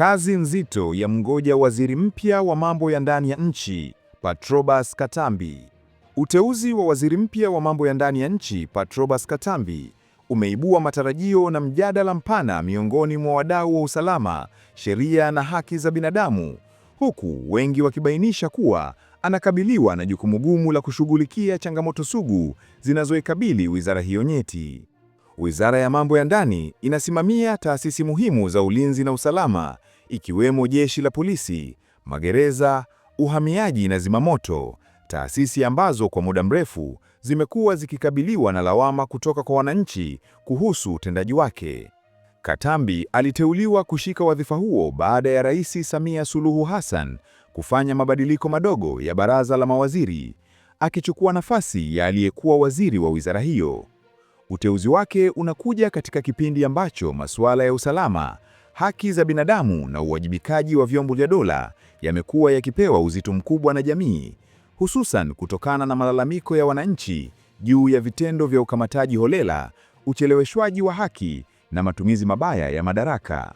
Kazi nzito ya mgoja waziri mpya wa mambo ya ndani ya nchi Patrobas Katambi. Uteuzi wa waziri mpya wa mambo ya ndani ya nchi Patrobas Katambi umeibua matarajio na mjadala mpana miongoni mwa wadau wa usalama, sheria na haki za binadamu, huku wengi wakibainisha kuwa anakabiliwa na jukumu gumu la kushughulikia changamoto sugu zinazoikabili wizara hiyo nyeti. Wizara ya Mambo ya Ndani inasimamia taasisi muhimu za ulinzi na usalama ikiwemo Jeshi la Polisi, magereza, uhamiaji na zimamoto, taasisi ambazo kwa muda mrefu zimekuwa zikikabiliwa na lawama kutoka kwa wananchi kuhusu utendaji wake. Katambi aliteuliwa kushika wadhifa huo baada ya Rais Samia Suluhu Hassan kufanya mabadiliko madogo ya baraza la mawaziri, akichukua nafasi ya aliyekuwa waziri wa wizara hiyo. Uteuzi wake unakuja katika kipindi ambacho masuala ya usalama, haki za binadamu na uwajibikaji wa vyombo vya dola yamekuwa yakipewa uzito mkubwa na jamii, hususan kutokana na malalamiko ya wananchi juu ya vitendo vya ukamataji holela, ucheleweshwaji wa haki na matumizi mabaya ya madaraka.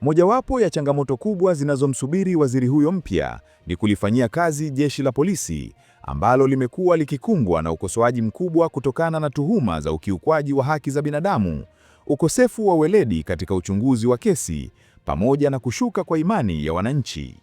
Mojawapo ya changamoto kubwa zinazomsubiri waziri huyo mpya ni kulifanyia kazi jeshi la polisi ambalo limekuwa likikumbwa na ukosoaji mkubwa kutokana na tuhuma za ukiukwaji wa haki za binadamu, ukosefu wa weledi katika uchunguzi wa kesi, pamoja na kushuka kwa imani ya wananchi.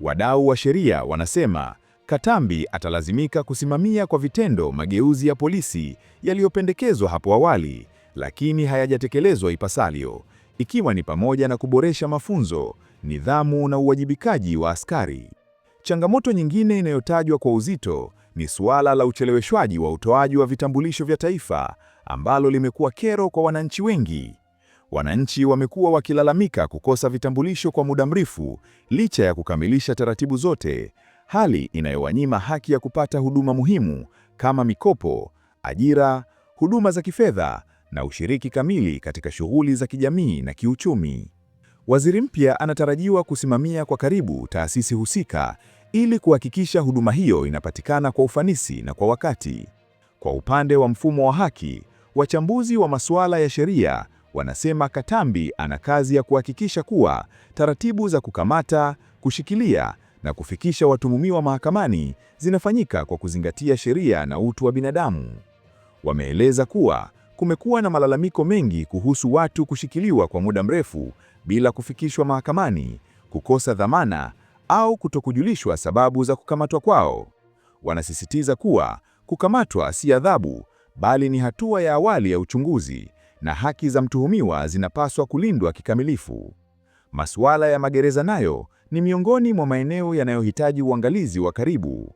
Wadau wa sheria wanasema Katambi atalazimika kusimamia kwa vitendo mageuzi ya polisi yaliyopendekezwa hapo awali, lakini hayajatekelezwa ipasavyo, ikiwa ni pamoja na kuboresha mafunzo, nidhamu na uwajibikaji wa askari. Changamoto nyingine inayotajwa kwa uzito ni suala la ucheleweshwaji wa utoaji wa vitambulisho vya taifa ambalo limekuwa kero kwa wananchi wengi. Wananchi wamekuwa wakilalamika kukosa vitambulisho kwa muda mrefu licha ya kukamilisha taratibu zote, hali inayowanyima haki ya kupata huduma muhimu kama mikopo, ajira, huduma za kifedha na ushiriki kamili katika shughuli za kijamii na kiuchumi. Waziri mpya anatarajiwa kusimamia kwa karibu taasisi husika ili kuhakikisha huduma hiyo inapatikana kwa ufanisi na kwa wakati. Kwa upande wa mfumo wa haki, wachambuzi wa masuala ya sheria wanasema Katambi ana kazi ya kuhakikisha kuwa taratibu za kukamata, kushikilia na kufikisha watuhumiwa mahakamani zinafanyika kwa kuzingatia sheria na utu wa binadamu. Wameeleza kuwa kumekuwa na malalamiko mengi kuhusu watu kushikiliwa kwa muda mrefu bila kufikishwa mahakamani, kukosa dhamana au kutokujulishwa sababu za kukamatwa kwao. Wanasisitiza kuwa kukamatwa si adhabu, bali ni hatua ya awali ya uchunguzi na haki za mtuhumiwa zinapaswa kulindwa kikamilifu. Masuala ya magereza nayo ni miongoni mwa maeneo yanayohitaji uangalizi wa karibu.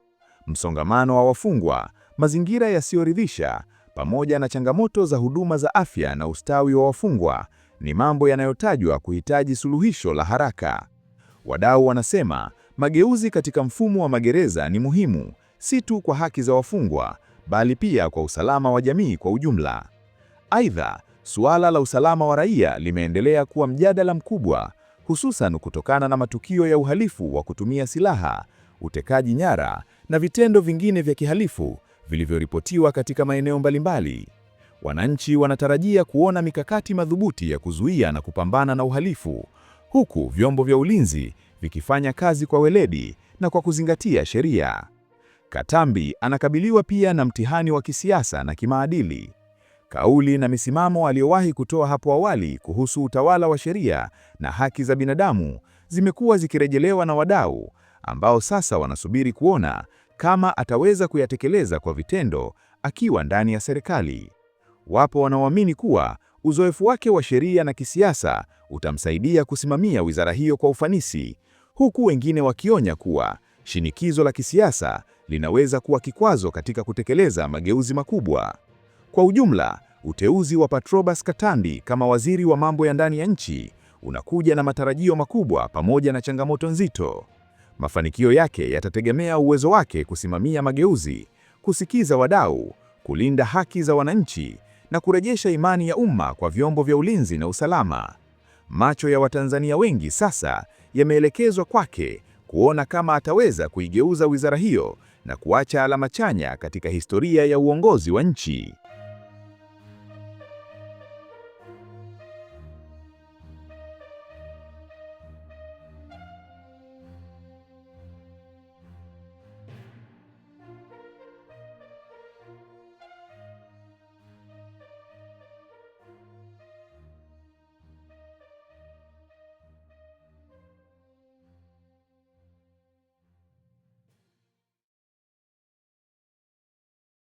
Msongamano wa wafungwa, mazingira yasiyoridhisha, pamoja na changamoto za huduma za afya na ustawi wa wafungwa ni mambo yanayotajwa kuhitaji suluhisho la haraka. Wadau wanasema mageuzi katika mfumo wa magereza ni muhimu, si tu kwa haki za wafungwa, bali pia kwa usalama wa jamii kwa ujumla. Aidha, suala la usalama wa raia limeendelea kuwa mjadala mkubwa, hususan kutokana na matukio ya uhalifu wa kutumia silaha, utekaji nyara na vitendo vingine vya kihalifu vilivyoripotiwa katika maeneo mbalimbali. Wananchi wanatarajia kuona mikakati madhubuti ya kuzuia na kupambana na uhalifu, huku vyombo vya ulinzi vikifanya kazi kwa weledi na kwa kuzingatia sheria. Katambi anakabiliwa pia na mtihani wa kisiasa na kimaadili. Kauli na misimamo aliyowahi kutoa hapo awali kuhusu utawala wa sheria na haki za binadamu zimekuwa zikirejelewa na wadau ambao sasa wanasubiri kuona kama ataweza kuyatekeleza kwa vitendo akiwa ndani ya serikali. Wapo wanaoamini kuwa uzoefu wake wa sheria na kisiasa utamsaidia kusimamia wizara hiyo kwa ufanisi, huku wengine wakionya kuwa shinikizo la kisiasa linaweza kuwa kikwazo katika kutekeleza mageuzi makubwa. Kwa ujumla, uteuzi wa Patrobas Katandi kama waziri wa mambo ya ndani ya nchi unakuja na matarajio makubwa pamoja na changamoto nzito. Mafanikio yake yatategemea uwezo wake kusimamia mageuzi, kusikiza wadau, kulinda haki za wananchi na kurejesha imani ya umma kwa vyombo vya ulinzi na usalama. Macho ya Watanzania wengi sasa yameelekezwa kwake kuona kama ataweza kuigeuza wizara hiyo na kuacha alama chanya katika historia ya uongozi wa nchi.